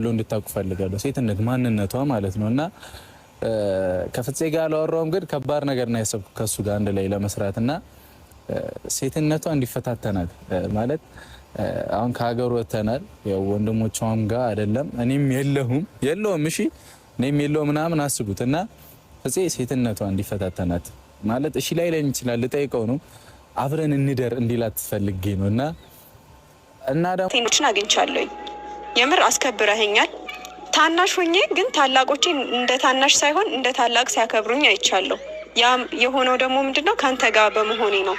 ብሎ እንድታውቁ ፈልጋለሁ። ሴትነት ማንነቷ ማለት ነው እና ከፍፄ ጋር አላወራውም፣ ግን ከባድ ነገር ነው ያሰብኩት ከሱ ጋር አንድ ላይ ለመስራት እና ሴትነቷ እንዲፈታተናል ማለት አሁን ከሀገር ወተናል። ያው ወንድሞቿም ጋር አይደለም እኔም የለሁም የለውም፣ እሺ እኔም የለው ምናምን አስቡት እና ፍፄ ሴትነቷ እንዲፈታተናት ማለት እሺ ላይ ላይ ይችላል ልጠይቀው ነው አብረን እንደር እንዲላት ትፈልጌ ነው እና እና ደግሞ ቴኖችን አግኝቻለሁኝ የምር አስከብረህኛል። ታናሽ ሆኜ ግን ታላቆቼ እንደ ታናሽ ሳይሆን እንደ ታላቅ ሲያከብሩኝ አይቻለሁ። ያም የሆነው ደግሞ ምንድን ነው ከአንተ ጋር በመሆኔ ነው።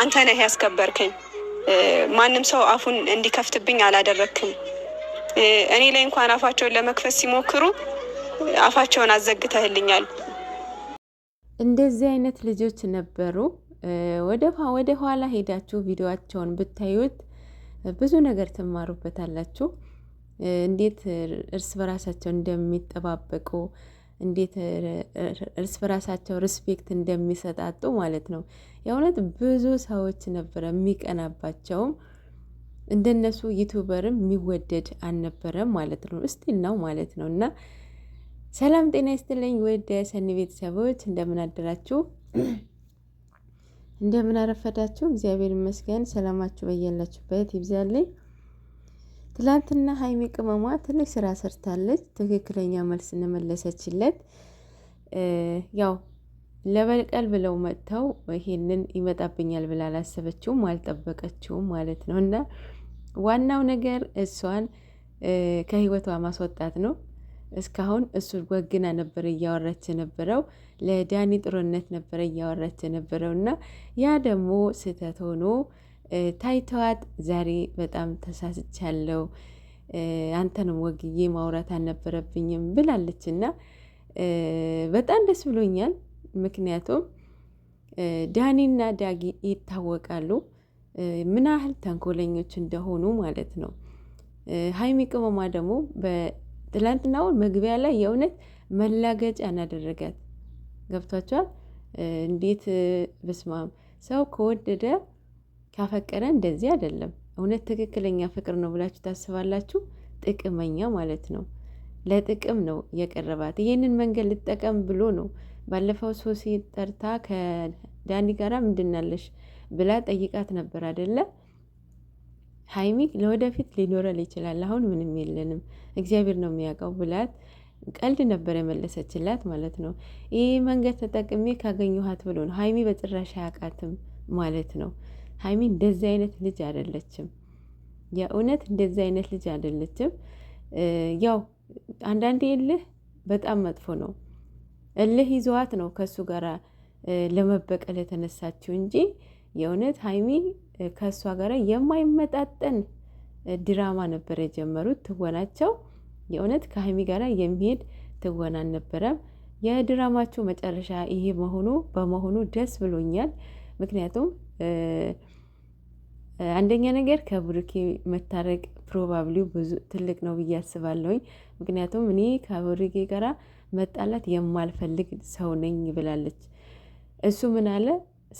አንተ ነህ ያስከበርከኝ። ማንም ሰው አፉን እንዲከፍትብኝ አላደረክም። እኔ ላይ እንኳን አፋቸውን ለመክፈት ሲሞክሩ አፋቸውን አዘግተህልኛል። እንደዚህ አይነት ልጆች ነበሩ። ወደ ኋላ ሄዳችሁ ቪዲዮቸውን ብታዩት ብዙ ነገር ትማሩበታላችሁ። እንዴት እርስ በራሳቸው እንደሚጠባበቁ እንዴት እርስ በራሳቸው ሪስፔክት እንደሚሰጣጡ ማለት ነው። የእውነት ብዙ ሰዎች ነበረ የሚቀናባቸውም እንደነሱ ዩቱበርም የሚወደድ አልነበረም ማለት ነው። እስቲል ነው ማለት ነው። እና ሰላም ጤና ይስጥልኝ ወደ ሰኒ ቤተሰቦች እንደምን አደራችሁ፣ እንደምን አረፈዳችሁ። እግዚአብሔር ይመስገን። ሰላማችሁ በያላችሁበት ይብዛልኝ። ትላንትና ሀይሚ ቅመሟ ትንሽ ስራ ሰርታለች። ትክክለኛ መልስ እንመለሰችለት። ያው ለበቀል ብለው መጥተው ይሄንን ይመጣብኛል ብላ አላሰበችውም፣ አልጠበቀችውም ማለት ነው። እና ዋናው ነገር እሷን ከህይወቷ ማስወጣት ነው። እስካሁን እሱ ወግና ነበር እያወራች የነበረው ለዳኒ ጥሩነት ነበረ እያወራች የነበረው እና ያ ደግሞ ስህተት ሆኖ ታይተዋት ዛሬ በጣም ተሳስቻለሁ፣ አንተንም ወግዬ ማውራት አልነበረብኝም ብላለች እና በጣም ደስ ብሎኛል። ምክንያቱም ዳኒና ዳጊ ይታወቃሉ ምን ያህል ተንኮለኞች እንደሆኑ ማለት ነው። ሀይሚ ቅመማ ደግሞ በትላንትናውን መግቢያ ላይ የእውነት መላገጫ አናደረጋት። ገብቷቸዋል። እንዴት በስማም ሰው ከወደደ ካፈቀረ እንደዚህ አይደለም። እውነት ትክክለኛ ፍቅር ነው ብላችሁ ታስባላችሁ? ጥቅመኛ ማለት ነው። ለጥቅም ነው የቀረባት። ይህንን መንገድ ልጠቀም ብሎ ነው። ባለፈው ሶሲ ጠርታ ከዳኒ ጋራ ምንድናለሽ ብላ ጠይቃት ነበር አደለ? ሀይሚ ለወደፊት ሊኖረል ይችላል፣ አሁን ምንም የለንም፣ እግዚአብሔር ነው የሚያውቀው ብላት ቀልድ ነበር የመለሰችላት ማለት ነው። ይህ መንገድ ተጠቅሜ ካገኘኋት ብሎ ነው። ሀይሚ በጭራሽ አያውቃትም ማለት ነው። ሀይሚ እንደዚህ አይነት ልጅ አይደለችም። የእውነት እንደዚህ አይነት ልጅ አይደለችም። ያው አንዳንዴ እልህ በጣም መጥፎ ነው። እልህ ይዘዋት ነው ከእሱ ጋር ለመበቀል የተነሳችው እንጂ የእውነት ሀይሚ ከእሷ ጋር የማይመጣጠን ድራማ ነበር የጀመሩት ትወናቸው። የእውነት ከሀይሚ ጋር የሚሄድ ትወና አልነበረም። የድራማቸው መጨረሻ ይሄ መሆኑ በመሆኑ ደስ ብሎኛል። ምክንያቱም አንደኛ ነገር ከብሩኬ መታረቅ ፕሮባብሊ ብዙ ትልቅ ነው ብዬ አስባለሁኝ። ምክንያቱም እኔ ከብሩኬ ጋራ መጣላት የማልፈልግ ሰው ነኝ ብላለች። እሱ ምን አለ?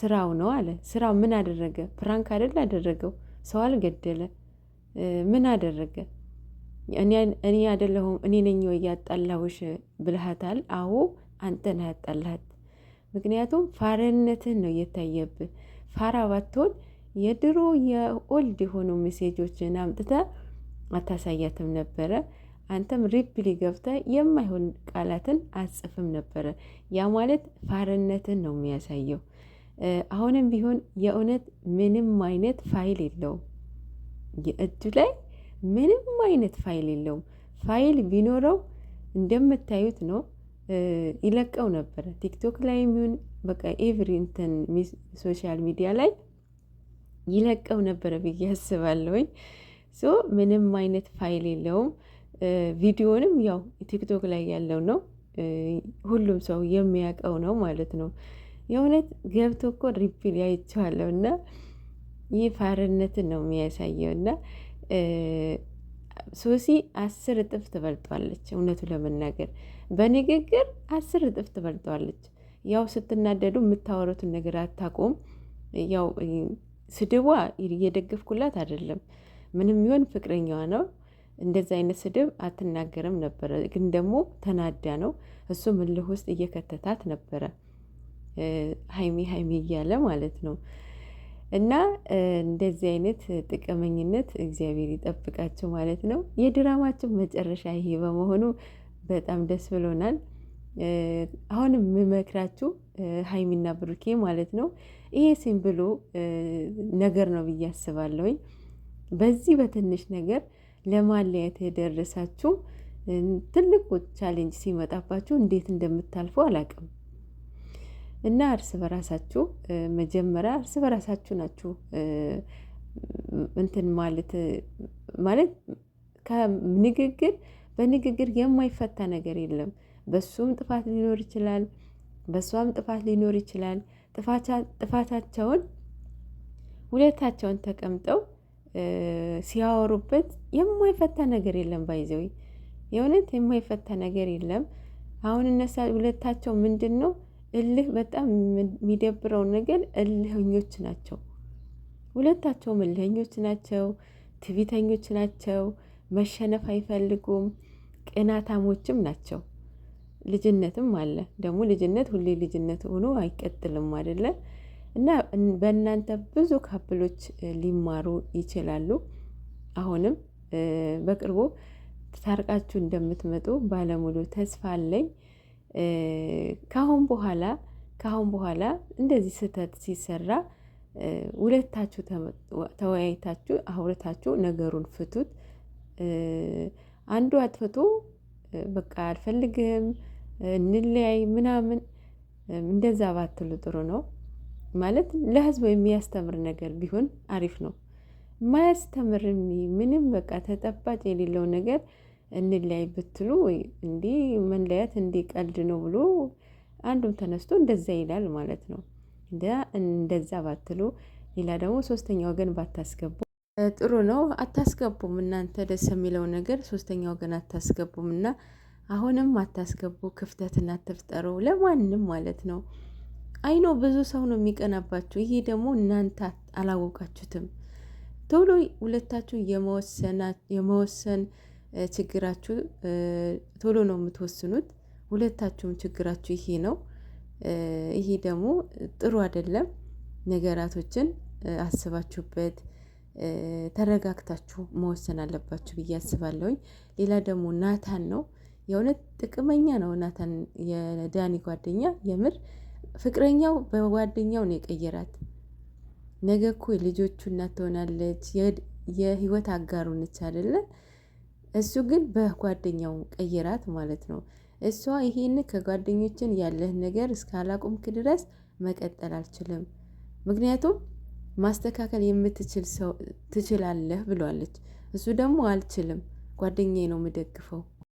ስራው ነው አለ። ስራው ምን አደረገ? ፕራንክ አይደል አደረገው። ሰው አልገደለ። ምን አደረገ? እኔ አይደለሁም እኔ ነኝ ወይ ያጣላሁሽ ብልሃታል። አዎ አንተ ነህ ያጣላት ምክንያቱም ፋረነትን ነው የታየብህ። ፋራ ባትሆን የድሮ የኦልድ የሆኑ ሜሴጆችን አምጥተ አታሳያትም ነበረ። አንተም ሪፕሊ ገብተ የማይሆን ቃላትን አጽፍም ነበረ። ያ ማለት ፋርነትን ነው የሚያሳየው። አሁንም ቢሆን የእውነት ምንም አይነት ፋይል የለውም የእጁ ላይ ምንም አይነት ፋይል የለውም። ፋይል ቢኖረው እንደምታዩት ነው ይለቀው ነበረ። ቲክቶክ ላይ የሚሆን በቃ ኤቭሪ እንትን ሶሻል ሚዲያ ላይ ይለቀው ነበረ ብዬ አስባለሁኝ። ሶ ምንም አይነት ፋይል የለውም። ቪዲዮንም ያው ቲክቶክ ላይ ያለው ነው ሁሉም ሰው የሚያውቀው ነው ማለት ነው። የእውነት ገብቶ እኮ ሪፒል ያይቸዋለሁ እና ይህ ፋርነትን ነው የሚያሳየው እና ሶሲ አስር እጥፍ ትበልጠዋለች። እውነቱ ለመናገር በንግግር አስር እጥፍ ትበልጠዋለች። ያው ስትናደዱ የምታወሩትን ነገር አታቆም። ያው ስድቧ እየደገፍኩላት አይደለም። ምንም ይሆን ፍቅረኛዋ ነው። እንደዚ አይነት ስድብ አትናገርም ነበረ፣ ግን ደግሞ ተናዳ ነው። እሱ ምልህ ውስጥ እየከተታት ነበረ፣ ሀይሚ ሀይሚ እያለ ማለት ነው። እና እንደዚህ አይነት ጥቅመኝነት እግዚአብሔር ይጠብቃችሁ ማለት ነው። የድራማችን መጨረሻ ይሄ በመሆኑ በጣም ደስ ብሎናል። አሁንም የምመክራችሁ ሀይሚና ብሩኬ ማለት ነው ይሄ ሲምብሎ ነገር ነው ብዬ አስባለሁኝ። በዚህ በትንሽ ነገር ለማለያየት የደረሳችሁ ትልቁ ቻሌንጅ ሲመጣባችሁ እንዴት እንደምታልፉ አላውቅም። እና እርስ በራሳችሁ መጀመሪያ እርስ በራሳችሁ ናችሁ እንትን ማለት ማለት ከንግግር በንግግር የማይፈታ ነገር የለም። በሱም ጥፋት ሊኖር ይችላል፣ በእሷም ጥፋት ሊኖር ይችላል። ጥፋታቸውን ሁለታቸውን ተቀምጠው ሲያወሩበት የማይፈታ ነገር የለም። ባይዘዊ የእውነት የማይፈታ ነገር የለም። አሁን እነሳ ሁለታቸው ምንድን ነው እልህ በጣም የሚደብረው ነገር እልህኞች ናቸው። ሁለታቸውም እልህኞች ናቸው፣ ትቢተኞች ናቸው፣ መሸነፍ አይፈልጉም፣ ቅናታሞችም ናቸው። ልጅነትም አለ ደግሞ ልጅነት ሁሌ ልጅነት ሆኖ አይቀጥልም አይደለ? እና በእናንተ ብዙ ካፕሎች ሊማሩ ይችላሉ። አሁንም በቅርቡ ታርቃችሁ እንደምትመጡ ባለሙሉ ተስፋ አለኝ። ካሁን በኋላ ካሁን በኋላ እንደዚህ ስህተት ሲሰራ ሁለታችሁ ተወያይታችሁ አውርታችሁ ነገሩን ፍቱት። አንዱ አትፈቱ በቃ አልፈልግም እንለያይ ምናምን እንደዛ ባትሉ ጥሩ ነው። ማለት ለህዝቡ የሚያስተምር ነገር ቢሆን አሪፍ ነው። የማያስተምር ምንም በቃ ተጠባጭ የሌለው ነገር እንለያይ ብትሉ እንዲህ መለያየት እንዲህ ቀልድ ነው ብሎ አንዱም ተነስቶ እንደዛ ይላል ማለት ነው። እንደዛ ባትሉ ሌላ ደግሞ ሶስተኛ ወገን ባታስገቡ ጥሩ ነው። አታስገቡም፣ እናንተ ደስ የሚለው ነገር ሶስተኛ ወገን አታስገቡም። እና አሁንም አታስገቡ፣ ክፍተትን አትፍጠሩ ለማንም ማለት ነው። አይኖ ብዙ ሰው ነው የሚቀናባችሁ። ይሄ ደግሞ እናንተ አላወቃችሁትም። ቶሎ ሁለታችሁ የመወሰን ችግራችሁ ቶሎ ነው የምትወስኑት። ሁለታችሁም ችግራችሁ ይሄ ነው። ይሄ ደግሞ ጥሩ አይደለም። ነገራቶችን አስባችሁበት ተረጋግታችሁ መወሰን አለባችሁ ብዬ አስባለሁኝ። ሌላ ደግሞ ናታን ነው የእውነት ጥቅመኛ ነው ናታን፣ የዳኒ ጓደኛ። የምር ፍቅረኛው በጓደኛው ነው የቀየራት። ነገ እኮ የልጆቹ እናት ትሆናለች፣ የህይወት አጋሩ ነች እሱ ግን በጓደኛው ቀይራት ማለት ነው። እሷ ይሄን ከጓደኞችን ያለህ ነገር እስካላቆምክ ድረስ መቀጠል አልችልም፣ ምክንያቱም ማስተካከል የምትችል ሰው ትችላለህ ብሏለች። እሱ ደግሞ አልችልም፣ ጓደኛዬ ነው የምደግፈው